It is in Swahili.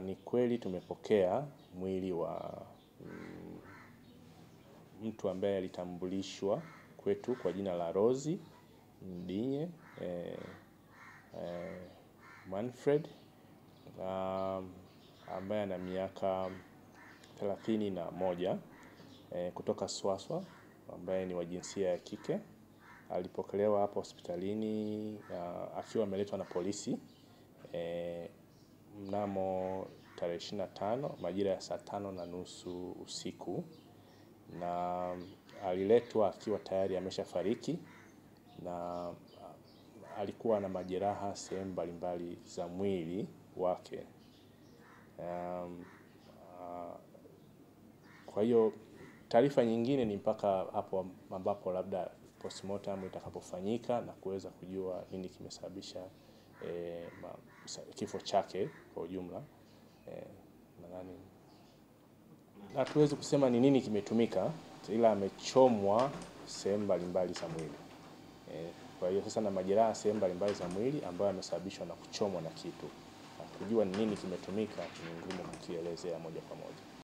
ni kweli tumepokea mwili wa mm, mtu ambaye alitambulishwa kwetu kwa jina la Rose Mdinye eh, eh, Manfred um, ambaye ana miaka thelathini na moja eh, kutoka Swaswa ambaye ni wa jinsia ya kike. Alipokelewa hapa hospitalini uh, akiwa ameletwa na polisi eh, mnamo tarehe 25 majira ya saa tano na nusu usiku, na aliletwa akiwa tayari ameshafariki na alikuwa na majeraha sehemu mbalimbali za mwili wake. Um, uh, kwa hiyo taarifa nyingine ni mpaka hapo ambapo labda postmortem itakapofanyika na kuweza kujua nini kimesababisha eh, kifo chake kwa ujumla eh, na hatuwezi kusema ni nini kimetumika, ila amechomwa sehemu mbalimbali za mwili eh, kwa hiyo sasa na majeraha sehemu mbalimbali za mwili ambayo yamesababishwa na kuchomwa na kitu. Kujua ni nini kimetumika ni ngumu kukielezea moja kwa moja.